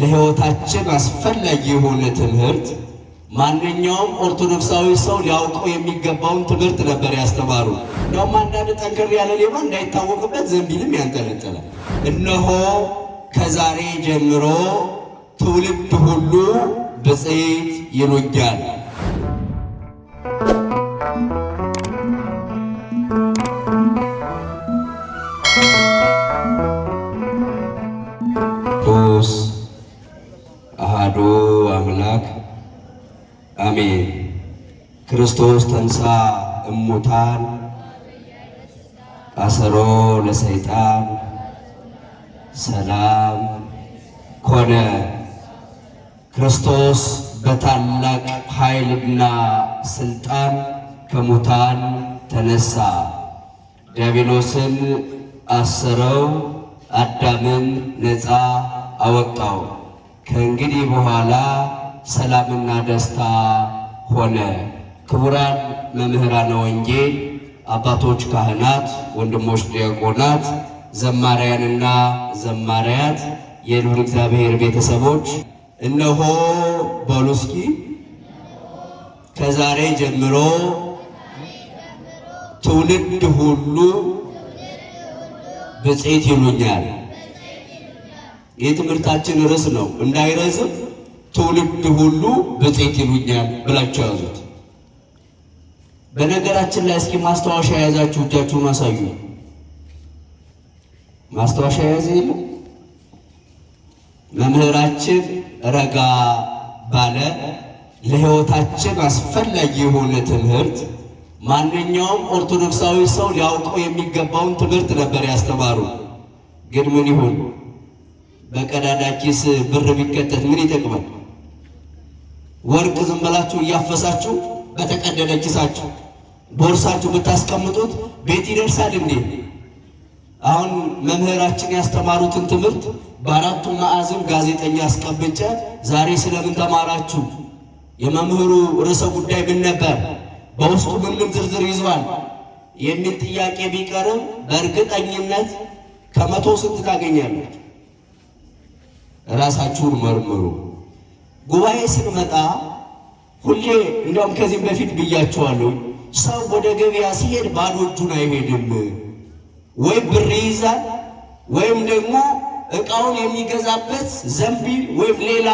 ለሕይወታችን አስፈላጊ የሆነ ትምህርት ማንኛውም ኦርቶዶክሳዊ ሰው ሊያውቀው የሚገባውን ትምህርት ነበር ያስተማሩ። እንደውም አንዳንድ ጠንክር ያለ ሌባ እንዳይታወቅበት ዘንቢልም ያንጠለጠላል። እነሆ ከዛሬ ጀምሮ ትውልድ ሁሉ ብፅዕት ይሉኛል። ክርስቶስ ተንሳ እሙታን አሰሮ ለሰይጣን ሰላም ኮነ። ክርስቶስ በታላቅ ኃይልና ስልጣን ከሙታን ተነሳ። ዲያብሎስን አሰረው፣ አዳምን ነፃ አወጣው። ከእንግዲህ በኋላ ሰላምና ደስታ ሆነ። ክቡራን መምህራነ ወንጌል፣ አባቶች ካህናት፣ ወንድሞች ዲያቆናት፣ ዘማሪያንና ዘማሪያት፣ የልዑል እግዚአብሔር ቤተሰቦች እነሆ በሉ እስኪ ከዛሬ ጀምሮ ትውልድ ሁሉ ብፅዕት ይሉኛል። የትምህርታችን ርዕስ ነው። እንዳይረዝም ትውልድ ሁሉ ብፅዕት ይሉኛል ብላችሁ ያዙት። በነገራችን ላይ እስኪ ማስታወሻ የያዛችሁ እጃችሁን አሳዩ። ማስታወሻ የያዘ የለ? መምህራችን ረጋ ባለ ለህይወታችን አስፈላጊ የሆነ ትምህርት ማንኛውም ኦርቶዶክሳዊ ሰው ሊያውቀው የሚገባውን ትምህርት ነበር ያስተማሩ። ግን ምን ይሁን በቀዳዳኪስ ብር ቢከተት ምን ይጠቅማል? ወርቅ ዝም ብላችሁ እያፈሳችሁ በተቀደደ ኪሳችሁ ቦርሳችሁ የምታስቀምጡት ቤት ይደርሳል እንዴ? አሁን መምህራችን ያስተማሩትን ትምህርት በአራቱ ማዕዘን ጋዜጠኛ አስቀብጬ ዛሬ ስለምን ተማራችሁ፣ የመምህሩ ርዕሰ ጉዳይ ምን ነበር፣ በውስጡ ምን ምን ዝርዝር ይዟል የሚል ጥያቄ ቢቀርም በእርግጠኝነት ከመቶ ስንት ታገኛለች? ራሳችሁን መርምሩ። ጉባኤ ስንመጣ ሁሌ እንዲያውም ከዚህም በፊት ብያችኋለሁ ሰው ወደ ገበያ ሲሄድ ባዶ እጁን አይሄድም። ወይ ብር ይይዛል ወይም ደግሞ እቃውን የሚገዛበት ዘንቢል ወይም ሌላ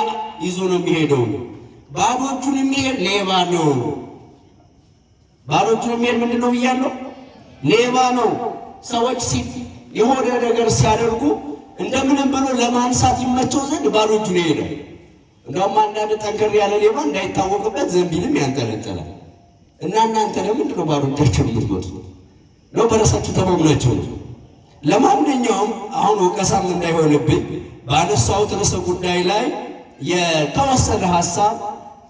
ይዞ ነው የሚሄደው። ባዶ እጁን የሚሄድ ሌባ ነው። ባዶ እጁን የሚሄድ ምንድን ነው ብያለሁ? ሌባ ነው። ሰዎች ሲ የሆነ ነገር ሲያደርጉ እንደምንም ብሎ ለማንሳት ይመቸው ዘንድ ባዶ እጁን ይሄዳል። እንደውም አንዳንድ ጠንከር ያለ ሌባ እንዳይታወቅበት ዘንቢልም ያንጠለጠላል። እና እናንተ ለምንድን ነው ባዶ እጃችሁን ነው በራሳችሁ ተማምናችሁ ነው። ለማንኛውም አሁን ወቀሳም እንዳይሆንብኝ በአነሳሁት ርዕሰ ጉዳይ ላይ የተወሰነ ሀሳብ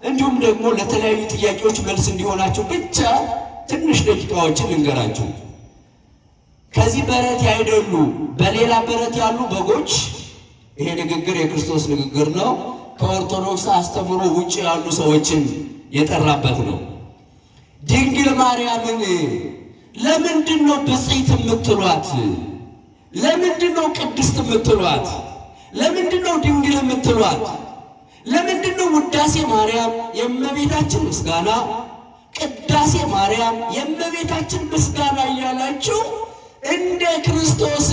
እንዲሁም ደግሞ ለተለያዩ ጥያቄዎች መልስ እንዲሆናቸው ብቻ ትንሽ ደቂቃዎችን ልንገራችሁ። ከዚህ በረት ያይደሉ በሌላ በረት ያሉ በጎች። ይሄ ንግግር የክርስቶስ ንግግር ነው። ከኦርቶዶክስ አስተምህሮ ውጭ ያሉ ሰዎችን የጠራበት ነው። ድንግል ማርያምን ለምንድን ነው ብፅዕት የምትሏት? ለምንድን ነው ቅድስት የምትሏት? ለምንድን ነው ድንግል የምትሏት? ለምንድን ነው ውዳሴ ማርያም የእመቤታችን ምስጋና፣ ቅዳሴ ማርያም የእመቤታችን ምስጋና እያላችሁ እንደ ክርስቶስ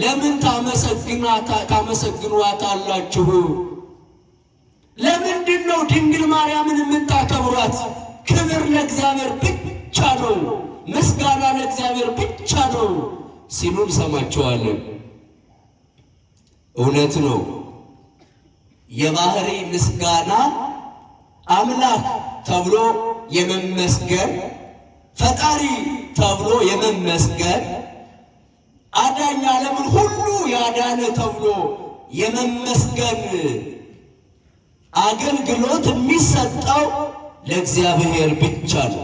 ለምን ታመሰግኗት አላችሁ? ለምንድን ነው ድንግል ማርያምን የምታከብሯት? ክብር ለእግዚአብሔር ብቻ ነው፣ ምስጋና ለእግዚአብሔር ብቻ ነው ሲሉ እንሰማቸዋለን። እውነት ነው። የባህሪ ምስጋና አምላክ ተብሎ የመመስገን ፈጣሪ ተብሎ የመመስገን አዳኝ ዓለምን ሁሉ ያዳነ ተብሎ የመመስገን አገልግሎት የሚሰጠው ለእግዚአብሔር ብቻ ነው።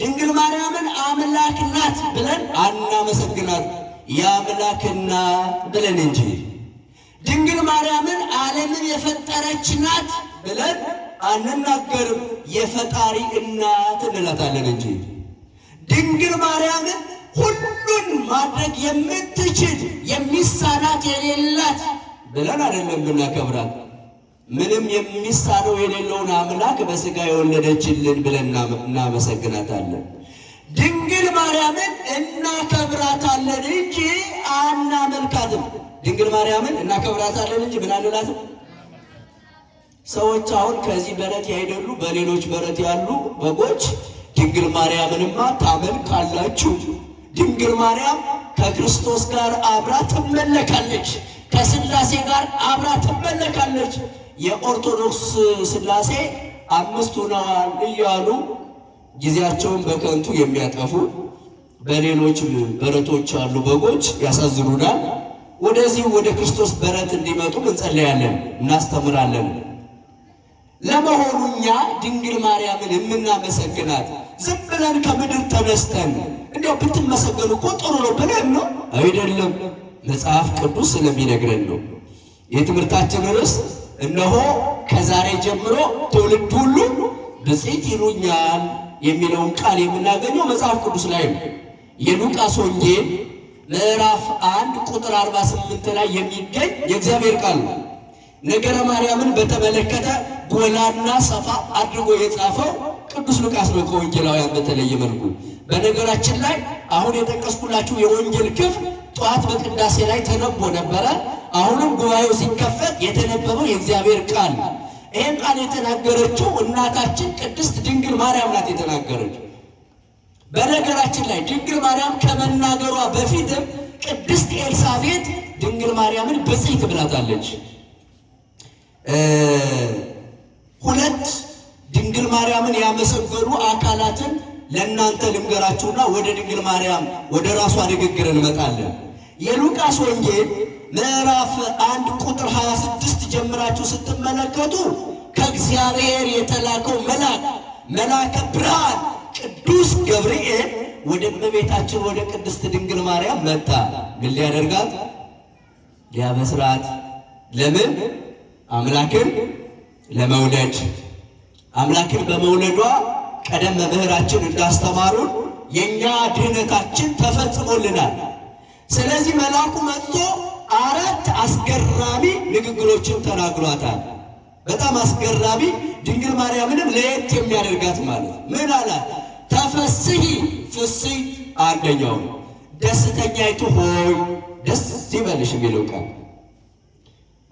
ድንግል ማርያምን አምላክ ናት ብለን አናመሰግናት የአምላክና ብለን እንጂ ድንግል ማርያምን ዓለምን የፈጠረች ናት ብለን አንናገርም። የፈጣሪ እናት እንላታለን እንጂ ድንግል ማርያምን ሁሉን ማድረግ የምትችል የሚሳናት የሌላት ብለን አይደለም ብናከብራት ምንም የሚሳነው የሌለውን አምላክ በስጋ የወለደችልን ብለን እናመሰግናታለን። ድንግል ማርያምን እናከብራታለን እንጂ አናመልካትም። ድንግል ማርያምን እናከብራታለን እንጂ ምን አንላትም። ሰዎች አሁን ከዚህ በረት ያይደሉ በሌሎች በረት ያሉ በጎች ድንግል ማርያምንማ ታመልካላችሁ፣ ድንግል ማርያም ከክርስቶስ ጋር አብራ ትመለካለች፣ ከስላሴ ጋር አብራ ትመለካለች የኦርቶዶክስ ስላሴ አምስቱ ነዋል እያሉ ጊዜያቸውን በከንቱ የሚያጠፉ በሌሎች በረቶች አሉ በጎች ያሳዝኑናል። ወደዚህ ወደ ክርስቶስ በረት እንዲመጡ እንጸለያለን፣ እናስተምራለን። ለመሆኑ እኛ ድንግል ማርያምን የምናመሰግናት ዝም ብለን ከምድር ተነስተን እንዲያው ብትመሰገኑ እኮ ጥሩ ነው ብለን ነው አይደለም፣ መጽሐፍ ቅዱስ ስለሚነግረን ነው። የትምህርታችን ርዕስ እነሆ ከዛሬ ጀምሮ ትውልድ ሁሉ ብፅዕት ይሉኛል የሚለውን ቃል የምናገኘው መጽሐፍ ቅዱስ ላይ ነው። የሉቃስ ወንጌል ምዕራፍ አንድ ቁጥር 48 ላይ የሚገኝ የእግዚአብሔር ቃል ነው። ነገረ ማርያምን በተመለከተ ጎላና ሰፋ አድርጎ የጻፈው ቅዱስ ሉቃስ ነው ከወንጌላውያን በተለየ መልኩ። በነገራችን ላይ አሁን የጠቀስኩላችሁ የወንጌል ክፍል ጠዋት በቅዳሴ ላይ ተነቦ ነበረ። አሁንም ጉባኤው ሲከፈት የተነበበው የእግዚአብሔር ቃል ይህን ቃል የተናገረችው እናታችን ቅድስት ድንግል ማርያም ናት የተናገረችው። በነገራችን ላይ ድንግል ማርያም ከመናገሯ በፊትም ቅድስት ኤልሳቤት ድንግል ማርያምን ብፅዕት ብላታለች። ሁለት ድንግል ማርያምን ያመሰገኑ አካላትን ለእናንተ ልንገራችሁና ወደ ድንግል ማርያም ወደ ራሷ ንግግር እንመጣለን። የሉቃስ ወንጌል ምዕራፍ አንድ ቁጥር 26 ጀምራችሁ ስትመለከቱ ከእግዚአብሔር የተላከው መልአክ መልአከ ብርሃን ቅዱስ ገብርኤል ወደ እመቤታችን ወደ ቅድስት ድንግል ማርያም መጣ። ምን ሊያደርጋት? ሊያበስራት። ለምን? አምላክን ለመውለድ አምላክን በመውለዷ ቀደም መምህራችን እንዳስተማሩን የእኛ ድህነታችን ተፈጽሞልናል። ስለዚህ መልአኩ መጥቶ አራት አስገራሚ ንግግሮችን ተናግሯታል። በጣም አስገራሚ ድንግል ማርያምንም ለየት የሚያደርጋት ማለት ምን አላት? ተፈስሂ ፍስሂ አንደኛው ደስተኛይቱ ሆይ ደስ ይበልሽ የሚለው ቃል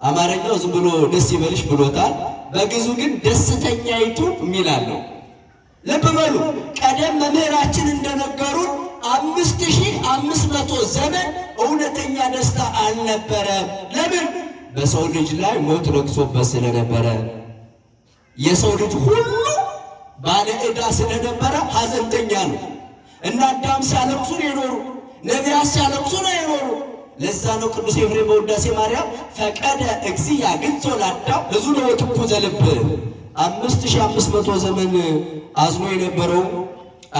አማርኛው ዝም ብሎ ደስ ይበልሽ ብሎታል። በግዙ ግን ደስተኛይቱ የሚላለው ልብ በሉ። ቀደም መምህራችን እንደነገሩን አምስት ሺህ አምስት መቶ ዘመን እውነተኛ ደስታ አልነበረም። ለምን? በሰው ልጅ ላይ ሞት ረግሶበት ስለነበረ የሰው ልጅ ሁሉ ባለ ዕዳ ስለነበረ ሐዘንተኛ ነው። እና አዳም ሲያለቅሱ ነው የኖሩ፣ ነቢያት ሲያለቅሱ ነው የኖሩ። ለዛ ነው ቅዱስ ኤፍሬም በውዳሴ ማርያም ፈቀደ እግዚአ ግንጾ ላዳም ብዙ ነው ለወትኩ ዘልብ አምስት ሺህ አምስት መቶ ዘመን አዝኖ የነበረው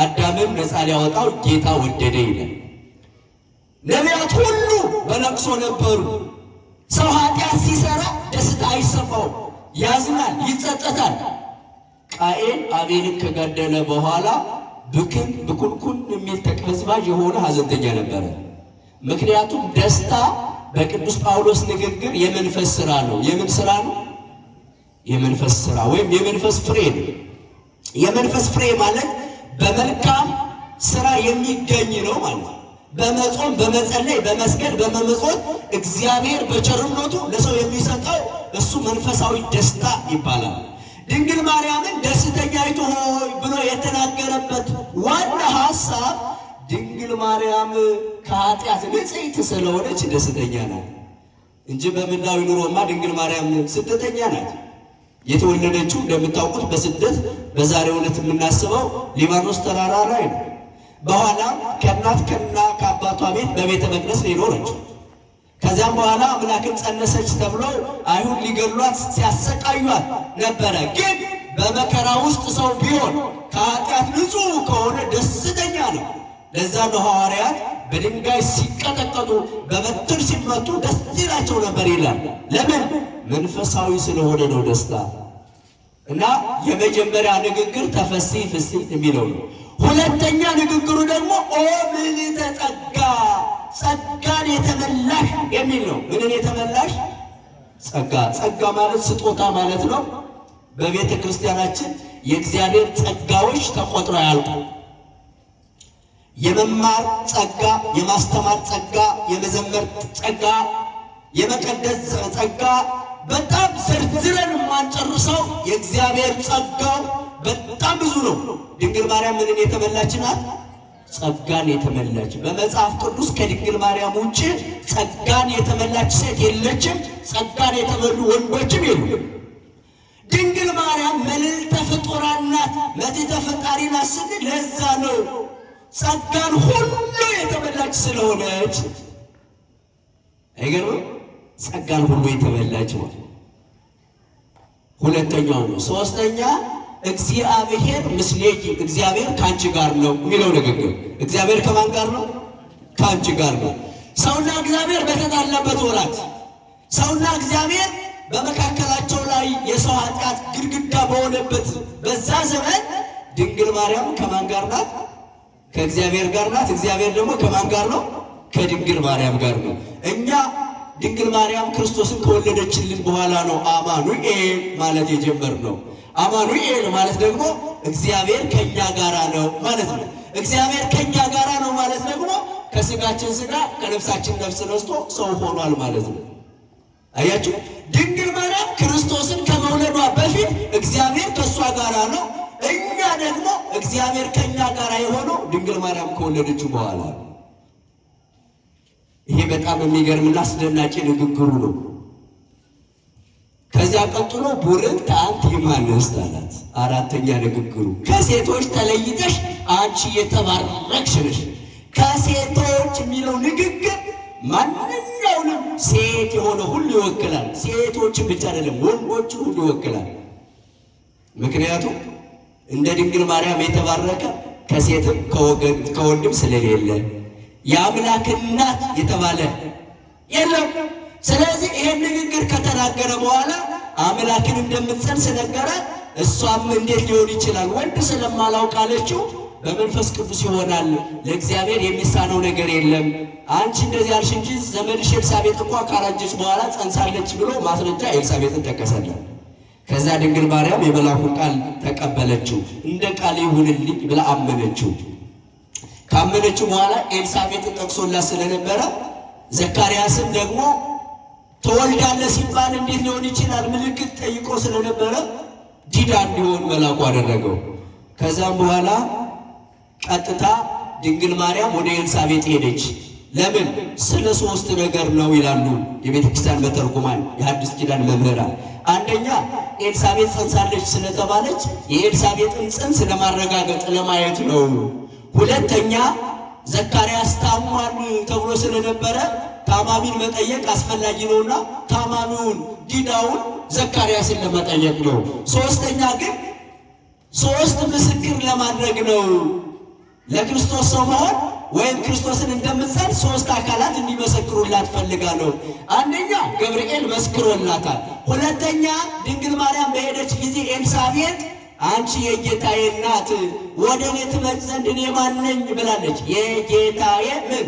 አዳምም ነፃ ሊያወጣው ጌታ ወደደ ይላል። ነቢያት ሁሉ በለቅሶ ነበሩ። ሰው ኃጢአት ሲሰራ ደስታ አይሰማውም፣ ያዝናል፣ ይጸጸታል። ቃኤል አቤልን ከገደለ በኋላ ብክን ብኩንኩን የሚል ተቀዝባዥ የሆነ ሀዘንተኛ ነበረ። ምክንያቱም ደስታ በቅዱስ ጳውሎስ ንግግር የመንፈስ ስራ ነው። የምን ስራ ነው? የመንፈስ ስራ ወይም የመንፈስ ፍሬ ነው። የመንፈስ ፍሬ ማለት በመልካም ስራ የሚገኝ ነው ማለት ነው። በመጾም በመጸለይ በመስገድ በመመጾት እግዚአብሔር በቸርነቱ ለሰው የሚሰጠው እሱ መንፈሳዊ ደስታ ይባላል። ድንግል ማርያምን ደስተኛይቱ ሆይ ብሎ የተናገረበት ዋና ሐሳብ ድንግል ማርያም ከኃጢአት ንጽሕት ስለሆነች ደስተኛ ናት እንጂ በምናዊ ኑሮማ ድንግል ማርያም ስደተኛ ናት። የተወለደችው እንደምታውቁት በስደት በዛሬው ዕለት የምናስበው ሊባኖስ ተራራ ላይ ነው። በኋላም ከእናት ከና ከአባቷ ቤት በቤተ መቅደስ ሊኖረች ከዚያም በኋላ አምላክን ጸነሰች ተብሎ አይሁድ ሊገሏት ሲያሰቃዩት ነበረ። ግን በመከራ ውስጥ ሰው ቢሆን ከኃጢአት ንጹሕ ከሆነ ደስተኛ ነው። ለዛ ነው ሐዋርያት በድንጋይ ሲቀጠቀጡ በበትር ሲመቱ ደስ ይላቸው ነበር ይላል። ለምን? መንፈሳዊ ስለሆነ ነው ደስታ እና የመጀመሪያ ንግግር ተፈሲ ፍሲ የሚለው ነው። ሁለተኛ ንግግሩ ደግሞ ኦ ምልዕተ ጸጋ ጸጋን የተመላሽ የሚል ነው። ምንን የተመላሽ ጸጋ። ጸጋ ማለት ስጦታ ማለት ነው። በቤተ ክርስቲያናችን የእግዚአብሔር ጸጋዎች ተቆጥሮ ያልቁ። የመማር ጸጋ፣ የማስተማር ጸጋ፣ የመዘመር ጸጋ፣ የመቀደስ ጸጋ በጣም የእግዚአብሔር ጸጋው በጣም ብዙ ነው። ድንግል ማርያም ምንን የተመላች ናት? ጸጋን የተመላች በመጽሐፍ ቅዱስ ከድንግል ማርያም ውጭ ጸጋን የተመላች ሴት የለችም። ጸጋን የተመሉ ወንዶችም የሉ። ድንግል ማርያም መልዕልተ ፍጡራን ናት። መትሕተ ፈጣሪ ናት ስንል ለዛ ነው። ጸጋን ሁሉ የተመላች ስለሆነች አይገርምም? ጸጋን ሁሉ የተመላች ነው። ሁለተኛው ነው። ሶስተኛ እግዚአብሔር ምስሌኪ፣ እግዚአብሔር ከአንቺ ጋር ነው የሚለው ንግግር። እግዚአብሔር ከማን ጋር ነው? ከአንቺ ጋር ነው። ሰውና እግዚአብሔር በተጣላበት ወራት ሰውና እግዚአብሔር በመካከላቸው ላይ የሰው ኃጢአት ግድግዳ በሆነበት በዛ ዘመን ድንግል ማርያም ከማን ጋር ናት? ከእግዚአብሔር ጋር ናት። እግዚአብሔር ደግሞ ከማን ጋር ነው? ከድንግል ማርያም ጋር ነው። እኛ ድንግል ማርያም ክርስቶስን ከወለደችልን በኋላ ነው አማኑኤል ማለት የጀመርነው። አማኑኤል ማለት ደግሞ እግዚአብሔር ከኛ ጋራ ነው ማለት ነው። እግዚአብሔር ከኛ ጋራ ነው ማለት ደግሞ ከስጋችን ስጋ ከነፍሳችን ነፍስ ነስቶ ሰው ሆኗል ማለት ነው። አያችሁ፣ ድንግል ማርያም ክርስቶስን ከመውለዷ በፊት እግዚአብሔር ከእሷ ጋራ ነው። እኛ ደግሞ እግዚአብሔር ከኛ ጋራ የሆነው ድንግል ማርያም ከወለደችው በኋላ ነው። ይሄ በጣም የሚገርምና አስደናቂ ንግግሩ ነው። ከዚያ ቀጥሎ ቡርን ተአንት ይማንስት አላት። አራተኛ ንግግሩ ከሴቶች ተለይተሽ አንቺ የተባረክሽ ነሽ። ከሴቶች የሚለው ንግግር ማንኛውንም ሴት የሆነ ሁሉ ይወክላል። ሴቶችን ብቻ አይደለም ወንዶችን ሁሉ ይወክላል። ምክንያቱም እንደ ድንግል ማርያም የተባረከ ከሴትም ከወንድም ስለሌለ የአምላክ እናት የተባለ የለም። ስለዚህ ይሄን ንግግር ከተናገረ በኋላ አምላክን እንደምትጸንስ ነገራት። እሷም እንዴት ሊሆን ይችላል ወንድ ስለማላውቅ አለችው። በመንፈስ ቅዱስ ይሆናል፣ ለእግዚአብሔር የሚሳነው ነገር የለም። አንቺ እንደዚህ አልሽ እንጂ ዘመድሽ ኤልሳቤጥ እንኳ ካረጀች በኋላ ጸንሳለች ብሎ ማስረጃ ኤልሳቤጥን ጠቀሰለን። ከዛ ድንግል ማርያም የመልአኩን ቃል ተቀበለችው፣ እንደ ቃል ይሁንልኝ ብላ አመነችው። ካመነችው በኋላ ኤልሳቤጥን ጠቅሶላት ስለነበረ ዘካርያስም ደግሞ ተወልዳለ ሲባል እንዴት ሊሆን ይችላል ምልክት ጠይቆ ስለነበረ ዲዳ እንዲሆን መላኩ አደረገው። ከዛም በኋላ ቀጥታ ድንግል ማርያም ወደ ኤልሳቤጥ ሄደች። ለምን? ስለ ሶስት ነገር ነው ይላሉ የቤተ ክርስቲያን መተርጉማን፣ የሐዲስ ኪዳን መምህራን። አንደኛ ኤልሳቤጥ ጸንሳለች ስለተባለች የኤልሳቤጥን ጽንስ ለማረጋገጥ ለማየት ነው። ሁለተኛ ዘካርያስ ታሟል ተብሎ ስለነበረ ታማሚን መጠየቅ አስፈላጊ ነውና ታማሚውን ዲዳውን ዘካርያስን ለመጠየቅ ነው። ሶስተኛ ግን ሶስት ምስክር ለማድረግ ነው። ለክርስቶስ ሰው መሆን ወይም ክርስቶስን እንደምትሰል ሶስት አካላት እንዲመሰክሩላት ፈልጋለሁ። አንደኛ ገብርኤል መስክሮላታል። ሁለተኛ ድንግል ማርያም በሄደች ጊዜ ኤልሳቤጥ አንቺ የጌታዬ እናት ወደ እኔ ትመጭ ዘንድ እኔ ማነኝ ብላለች። የጌታዬ ምን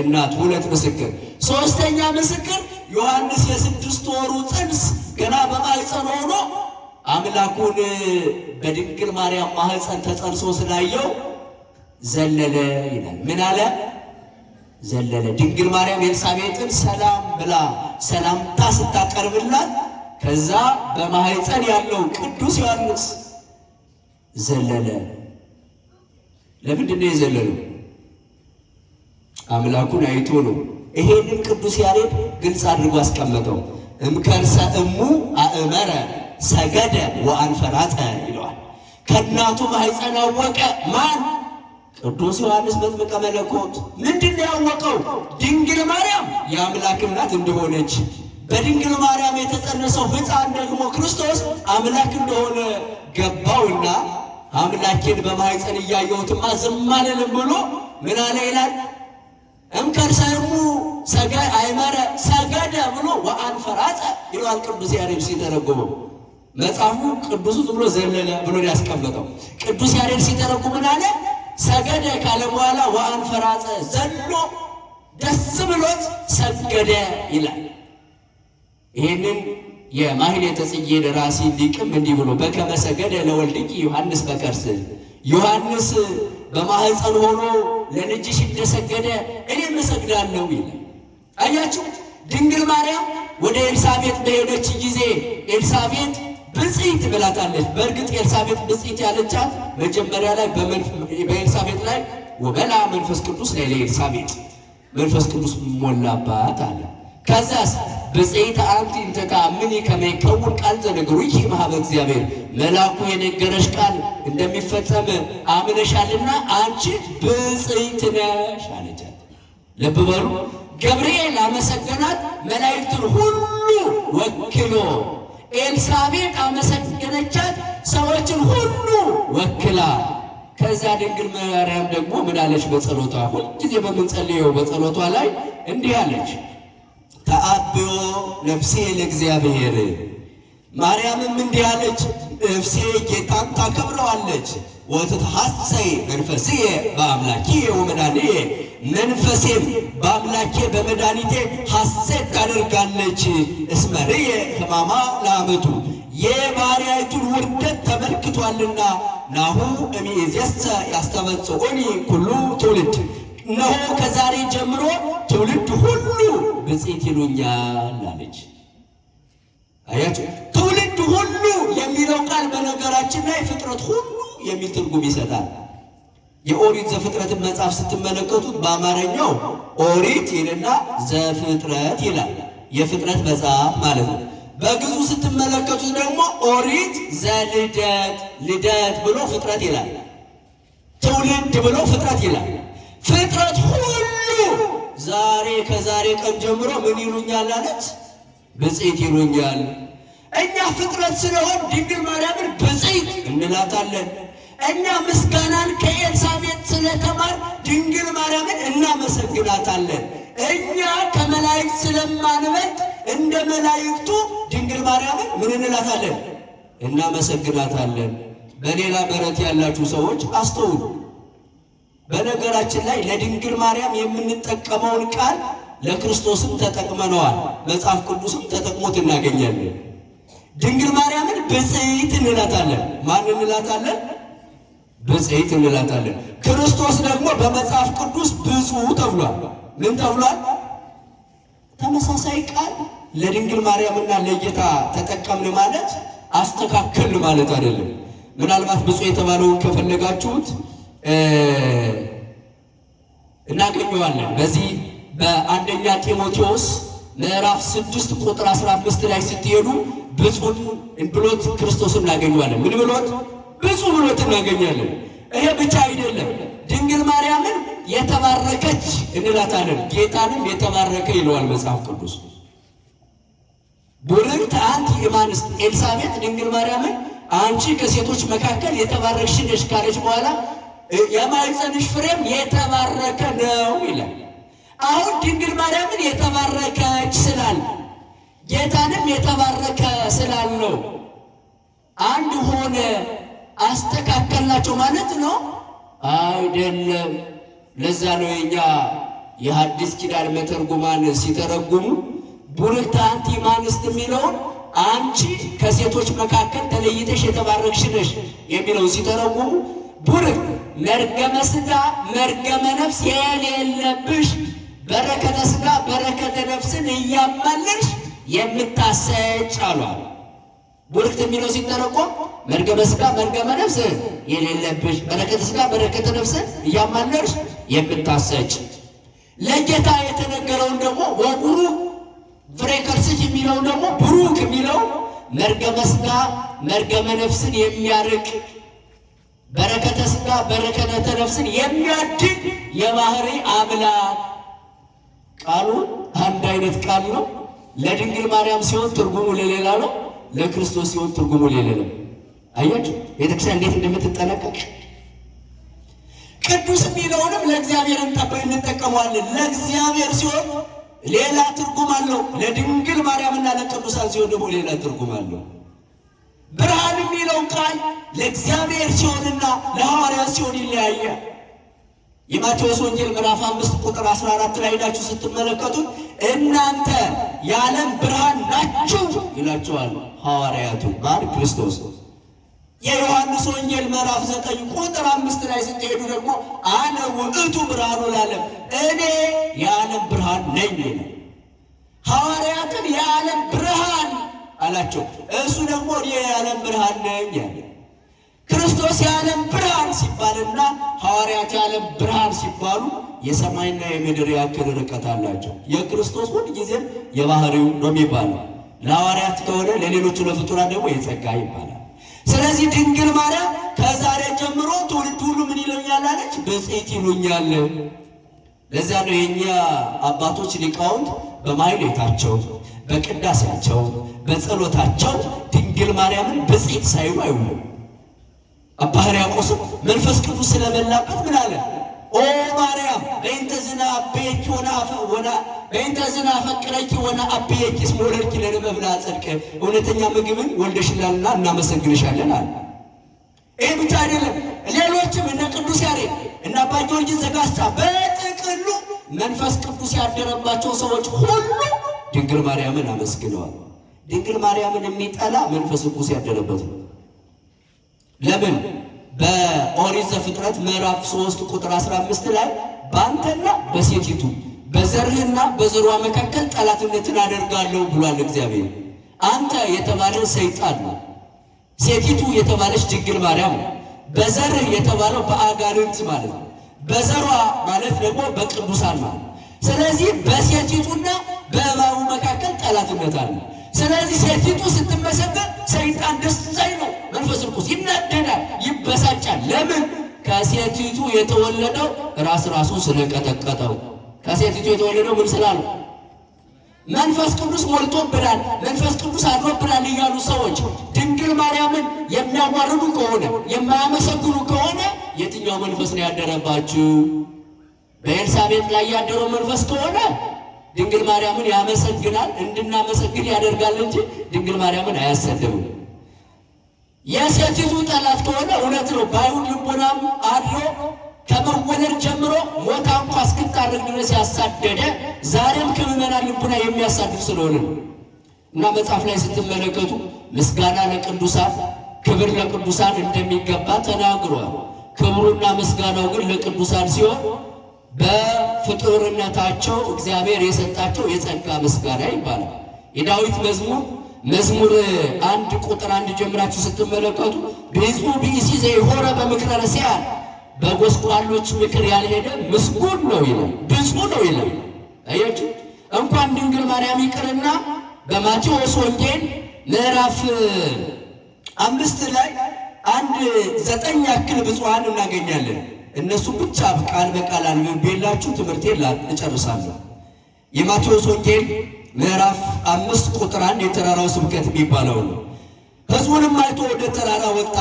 እናት ሁለት ምስክር። ሶስተኛ ምስክር ዮሐንስ የስድስት ወሩ ጽንስ ገና በማኅፀን ሆኖ አምላኩን በድንግል ማርያም ማኅፀን ተጸንሶ ስላየው ዘለለ ይላል። ምን አለ? ዘለለ። ድንግል ማርያም ኤልሳቤጥን ሰላም ብላ ሰላምታ ስታቀርብላት ከዛ በማህፀን ያለው ቅዱስ ዮሐንስ ዘለለ። ለምንድን ነው የዘለለው? አምላኩን አይቶ ነው። ይሄንን ቅዱስ ያሬድ ግልጽ አድርጎ አስቀመጠው። እምከርሰ እሙ አእመረ ሰገደ ወአንፈራጠ ይለዋል። ከእናቱ ማህፀን አወቀ ማን? ቅዱስ ዮሐንስ መጥምቀ መለኮት። ምንድን ነው ያወቀው? ድንግል ማርያም የአምላክ እናት እንደሆነች በድንግል ማርያም የተጸነሰው ሕፃን ደግሞ ክርስቶስ አምላክ እንደሆነ ገባውና አምላኬን በማኅፀን እያየሁትማ ዝም አልልም ብሎ ምን አለ ይላል ሰርሙ ሰጋ አይመረ ሰገደ ብሎ ወአንፈራጸ ይለዋል ቅዱስ ያሬድ ሲተረጉመው። መጽሐፉ ቅዱሱ ብሎ ዘለለ ብሎ ያስቀመጠው ቅዱስ ያሬድ ሲተረጉም ምን አለ? ሰገደ ካለ በኋላ ወአንፈራጸ ዘሎ ደስ ብሎት ሰገደ ይላል። ይህንን የማህሌተ ጽጌ ደራሲ ሊቅም እንዲህ ብሎ በከመ ሰገደ ለወልድኪ ዮሐንስ በከርስ ዮሐንስ በማህፀን ሆኖ ለልጅሽ እንደሰገደ እኔም እሰግዳለሁ ይለ። አያችሁ ድንግል ማርያም ወደ ኤልሳቤጥ በሄደች ጊዜ ኤልሳቤጥ ብጽት ብላታለች። በእርግጥ ኤልሳቤጥ ብጽት ያለቻት መጀመሪያ ላይ በኤልሳቤጥ ላይ ወበላ መንፈስ ቅዱስ ላይ ለኤልሳቤጥ መንፈስ ቅዱስ ሞላባት አለ። ከዛስ ብፅዕት አንቲ እንተተአምኒ ከመይከውን ቃል ዘነግሩኪ እምኀበ እግዚአብሔር መልአኩ የነገረሽ ቃል እንደሚፈጸም አምነሻልና አንቺ ብፅዕት ነሽ አለቻት። ልብ በሉ ገብርኤል አመሰገናት መላእክትን ሁሉ ወክሎ። ኤልሳቤጥ አመሰገነቻት ሰዎችን ሁሉ ወክላ። ከዛ ድንግል ማርያም ደግሞ ምን አለች? በጸሎቷ ሁልጊዜ በምንጸልየው በጸሎቷ ላይ እንዲህ አለች አብዮ ነፍሴ ለእግዚአብሔር። ማርያምም እንዲህ አለች፣ ነፍሴ ጌታን ታከብረዋለች። ወትትሐሰይ መንፈስዬ በአምላኪየ ወመድኃኒየ፣ መንፈሴም በአምላኬ በመድኃኒቴ ሐሴት ታደርጋለች። እስመርየ ሕማማ ለአመቱ የባሪያይቱን ውርደት ተመልክቷልና። ናሁ እሚእዜሰ ያስተመጽኦኒ ኩሉ ትውልድ እነሆ ከዛሬ ጀምሮ ትውልድ ሁሉ ብፅዕት ይሉኛል አለች። አያችሁ ትውልድ ሁሉ የሚለው ቃል በነገራችን ላይ ፍጥረት ሁሉ የሚል ትርጉም ይሰጣል። የኦሪት ዘፍጥረትን መጽሐፍ ስትመለከቱት በአማርኛው ኦሪት ይልና ዘፍጥረት ይላል። የፍጥረት መጽሐፍ ማለት ነው። በግዙ ስትመለከቱት ደግሞ ኦሪት ዘልደት ልደት ብሎ ፍጥረት ይላል። ትውልድ ብሎ ፍጥረት ይላል። ፍጥረት ሁሉ ዛሬ ከዛሬ ቀን ጀምሮ ምን ይሉኛል አለት? ብፅዕት ይሉኛል። እኛ ፍጥረት ስለሆን ድንግል ማርያምን ብፅዕት እንላታለን። እኛ ምስጋናን ከኤልሳቤጥ ስለተማር ድንግል ማርያምን እናመሰግናታለን። እኛ ከመላእክት ስለማንበልጥ እንደ መላእክቱ ድንግል ማርያምን ምን እንላታለን? እናመሰግናታለን። በሌላ በረት ያላችሁ ሰዎች አስተውሉ። በነገራችን ላይ ለድንግል ማርያም የምንጠቀመውን ቃል ለክርስቶስም ተጠቅመነዋል። መጽሐፍ ቅዱስም ተጠቅሞት እናገኛለን። ድንግል ማርያምን ብፅዕት እንላታለን። ማን እንላታለን? ብፅዕት እንላታለን። ክርስቶስ ደግሞ በመጽሐፍ ቅዱስ ብፁዕ ተብሏል። ምን ተብሏል? ተመሳሳይ ቃል ለድንግል ማርያምና ለጌታ ተጠቀምን ማለት አስተካከል ማለት አይደለም። ምናልባት ብፁዕ የተባለውን ከፈለጋችሁት እናገኘዋለን። በዚህ በአንደኛ ጢሞቴዎስ ምዕራፍ ስድስት ቁጥር አስራ አምስት ላይ ስትሄዱ ብፁዕ ብሎት ክርስቶስን እናገኘዋለን። ምን ብሎት? ብፁዕ ብሎት እናገኛለን። ይሄ ብቻ አይደለም፣ ድንግል ማርያምን የተባረከች እንላታለን። ጌታንም የተባረከ ይለዋል መጽሐፍ ቅዱስ። ቡርክት አንቲ እምአንስት ኤልሳቤጥ ድንግል ማርያምን አንቺ ከሴቶች መካከል የተባረክሽ ነሽ ካለች በኋላ የማኅፀንሽ ፍሬም የተባረከ ነው ይላል። አሁን ድንግል ማርያምን የተባረከች ስላል ጌታንም የተባረከ ስላለው አንድ ሆነ አስተካከልናቸው ማለት ነው አይደለም። ለዛ ነው የኛ የሐዲስ ኪዳን መተርጉማን ሲተረጉሙ አንቲ ማንስት የሚለውን አንቺ ከሴቶች መካከል ተለይተሽ የተባረክሽ ነሽ የሚለውን ሲተረጉሙ ቡርክ መርገመ ስጋ መርገመ ነፍስ የሌለብሽ በረከተ ስጋ በረከተ ነፍስን እያማለልሽ የምታሰጭ አሏል። ቡርክት የሚለው ሲተረጎም መርገመ ስጋ መርገመ ነፍስ የሌለብሽ በረከተ ስጋ በረከተ ነፍስን እያማለልሽ የምታሰጭ ለጌታ የተነገረውን ደግሞ ወጉሩ ፍሬከርስች የሚለውን ደግሞ ብሩክ የሚለው መርገመ ስጋ መርገመ ነፍስን የሚያርቅ በረከተ ስጋ በረከተ ነፍስን የሚያድግ የባህሪ አምላክ ቃሉ አንድ አይነት ቃል ነው። ለድንግል ማርያም ሲሆን ትርጉሙ ለሌላ ነው። ለክርስቶስ ሲሆን ትርጉሙ ሌላ ነው። አያችሁ ቤተክርስቲያን እንዴት እንደምትጠነቀቅ። ቅዱስ የሚለውንም ለእግዚአብሔር እንጠቀመዋለን። ለእግዚአብሔር ሲሆን ሌላ ትርጉም አለው። ለድንግል ማርያምና ለቅዱሳን ሲሆን ደግሞ ሌላ ትርጉም አለው። ብርሃን የሚለው ቃል ለእግዚአብሔር ሲሆንና ለሐዋርያ ሲሆን ይለያያል። የማቴዎስ ወንጌል ምዕራፍ አምስት ቁጥር አስራ አራት ላይ ሄዳችሁ ስትመለከቱት እናንተ የዓለም ብርሃን ናችሁ ይላችኋል። ሐዋርያቱ ማር ክርስቶስ የዮሐንስ ወንጌል ምዕራፍ ዘጠኝ ቁጥር አምስት ላይ ስትሄዱ ደግሞ አነ ውእቱ ብርሃኑ ለዓለም እኔ የዓለም ብርሃን ነኝ። ሐዋርያትን የዓለም ብርሃን አላቸው። እሱ ደግሞ እኔ የዓለም ብርሃን ነኝ ያለ ክርስቶስ የዓለም ብርሃን ሲባልና ሐዋርያት የዓለም ብርሃን ሲባሉ የሰማይና የምድር ያክል ርቀት አላቸው። የክርስቶስ ሁል ጊዜም የባህሪው ነው የሚባለው። ለሐዋርያት ከሆነ ለሌሎቹ ለፍጡራን ደግሞ የጸጋ ይባላል። ስለዚህ ድንግል ማርያም ከዛሬ ጀምሮ ትውልድ ሁሉ ምን ይሉኛል አለች፣ ብፅዕት ይሉኛል። ለዚያ ነው የእኛ አባቶች ሊቃውንት በማይሌታቸው በቅዳሴያቸው በጸሎታቸው ድንግል ማርያምን ብፅዕት ሳይሉ አይሆኑ። አባ ሕርያቆስም መንፈስ ቅዱስ ስለመላበት ምን አለ? ኦ ማርያም በእንተዝና አበየኪ ወና ወና ዝና ፈቅረኪ ወና አበየኪስ ሞረኪ ለነበብላ ጸድቀ እውነተኛ ምግብን ወልደሽላልና እናመሰግንሻለን አለ። ይህ ብቻ አይደለም፣ ሌሎችም እነ ቅዱስ ያሬድ እና አባ ጊዮርጊስ ዘጋስጫ በጥቅሉ መንፈስ ቅዱስ ያደረባቸው ሰዎች ሁሉ ድንግል ማርያምን አመስግነዋል። ድንግል ማርያምን የሚጠላ መንፈስ ቅዱስ ያደረበት ነው። ለምን? በኦሪት ዘፍጥረት ምዕራፍ 3 ቁጥር 15 ላይ በአንተና በሴቲቱ በዘርህና በዘሯ መካከል ጠላትነትን አደርጋለሁ ብሏል እግዚአብሔር። አንተ የተባለ ሰይጣን ነው። ሴቲቱ የተባለች ድንግል ማርያም ነው። በዘርህ የተባለው በአጋንንት ማለት ነው። በዘሯ ማለት ደግሞ በቅዱሳን ማለት ስለዚህ በሴቲቱና በእባቡ መካከል ጠላትነት አለ። ስለዚህ ሴቲቱ ስትመሰገን ሰይጣን ደስ ነው፣ መንፈስ ርኩስ ይናደዳል፣ ይበሳጫል። ለምን? ከሴቲቱ የተወለደው ራስ ራሱ ስለቀጠቀጠው። ከሴቲቱ የተወለደው ምን ስላለው መንፈስ ቅዱስ ሞልቶብናል፣ መንፈስ ቅዱስ አድሮብናል እያሉ ሰዎች ድንግል ማርያምን የሚያዋርዱ ከሆነ የማያመሰግኑ ከሆነ የትኛው መንፈስ ነው ያደረባችሁ? በኤልሳቤጥ ላይ ያደረው መንፈስ ከሆነ ድንግል ማርያምን ያመሰግናል፣ እንድናመሰግን ያደርጋል እንጂ ድንግል ማርያምን አያሰድብም። የሴቲቱ ጠላት ከሆነ እውነት ነው። በአይሁድ ልቦናም አድሮ ከመወለድ ጀምሮ ሞታ እንኳ እስክታረግ ድረስ ያሳደደ ዛሬም ከምዕመናን ልቡና የሚያሳድድ ስለሆነ ነው እና መጽሐፍ ላይ ስትመለከቱ ምስጋና ለቅዱሳን ክብር ለቅዱሳን እንደሚገባ ተናግሯል። ክብሩና ምስጋናው ግን ለቅዱሳን ሲሆን በፍጡርነታቸው እግዚአብሔር የሰጣቸው የጸጋ ምስጋና ይባላል። የዳዊት መዝሙር መዝሙር አንድ ቁጥር አንድ ጀምራችሁ ስትመለከቱ ብሕዝቡ ብእሲዘ የሆረ በምክረ ረሲዓን በጎስቋሎች ምክር ያልሄደ ምስጉን ነው ይላል፣ ብፁዕ ነው ይላል። አያችሁ እንኳን ድንግል ማርያም ይቅርና በማቴዎስ ወንጌል ምዕራፍ አምስት ላይ አንድ ዘጠኝ ያክል ብፁዓን እናገኛለን። እነሱም ብቻ ቃል በቃል አንብቤላችሁ ትምህርቴን እጨርሳለሁ። የማቴዎስ ወንጌል ምዕራፍ አምስት ቁጥር አንድ የተራራው ስብከት የሚባለው ነው። ሕዝቡንም አይቶ ወደ ተራራ ወጣ።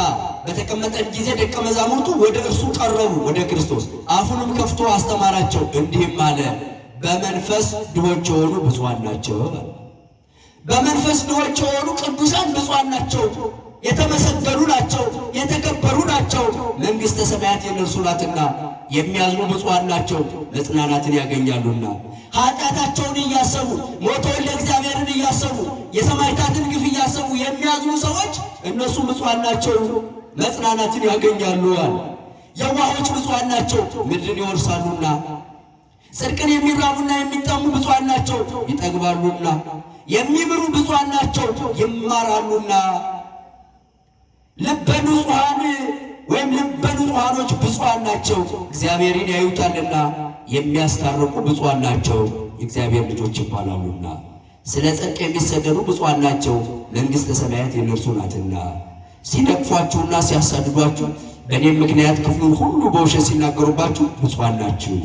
በተቀመጠን ጊዜ ደቀ መዛሙርቱ ወደ እርሱ ቀረቡ፣ ወደ ክርስቶስ። አፉንም ከፍቶ አስተማራቸው እንዲህም አለ፣ በመንፈስ ድሆች የሆኑ ብፁዓን ናቸው። በመንፈስ ድሆች የሆኑ ቅዱሳን ብፁዓን ናቸው። የተመሰገኑ ናቸው፣ የተከበሩ ናቸው። መንግሥተ ሰማያት የነርሱ ናትና የሚያዝኑ ብፁዓን ናቸው፣ መጽናናትን ያገኛሉና። ኃጢአታቸውን እያሰቡ ሞቶን ለእግዚአብሔርን እያሰቡ የሰማዕታትን ግፍ እያሰቡ የሚያዝኑ ሰዎች እነሱ ብፁዓን ናቸው፣ መጽናናትን አለ። የዋሆች ብፁዓን ናቸው፣ ምድርን ይወርሳሉና። ጽድቅን የሚራቡና የሚጠሙ ብፁዓን ናቸው፣ ይጠግባሉና። የሚምሩ ብፁዓን ናቸው፣ ይማራሉና። ልበ ንጹሐን ወይም ልበ ንጹሐኖች ብፁዓን ናቸው እግዚአብሔርን ያዩታልና የሚያስታርቁ ብፁዓን ናቸው የእግዚአብሔር ልጆች ይባላሉና። ስለ ጽድቅ የሚሰደዱ ብፁዓን ናቸው መንግሥተ ሰማያት የእነርሱ ናትና። ሲነቅፏችሁና ሲያሳድዷችሁ በእኔም ምክንያት ክፉን ሁሉ በውሸት ሲናገሩባችሁ ብፁዓን ናችሁ።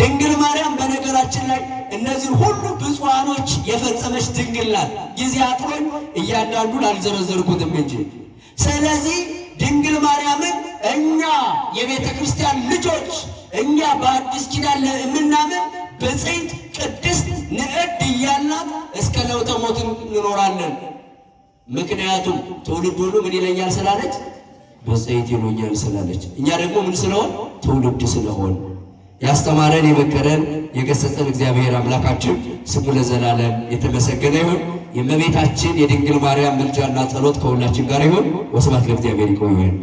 ድንግል ማርያም በነገራችን ላይ እነዚህ ሁሉ ብፁዓኖች የፈጸመች ድንግል ናት። ጊዜ አጥሮኝ እያንዳንዱን አልዘረዘርኩትም እንጂ ስለዚህ ድንግል ማርያምን እኛ የቤተ ክርስቲያን ልጆች እኛ በአዲስ ኪዳን የምናምን ብፅዕት ቅድስት ንዕድ እያልናት እስከ ለውጠ ሞት እንኖራለን። ምክንያቱም ትውልድ ሁሉ ምን ይለኛል ስላለች ብፅዕት ይሉኛል ስላለች፣ እኛ ደግሞ ምን ስለሆን ትውልድ ስለሆን ያስተማረን የመከረን የገሰጸን እግዚአብሔር አምላካችን ስሙ ለዘላለም የተመሰገነ ይሁን። የእመቤታችን የድንግል ማርያም ምልጃና ጸሎት ከሁላችን ጋር ይሁን። ወስብሐት ለእግዚአብሔር። ይቆየን።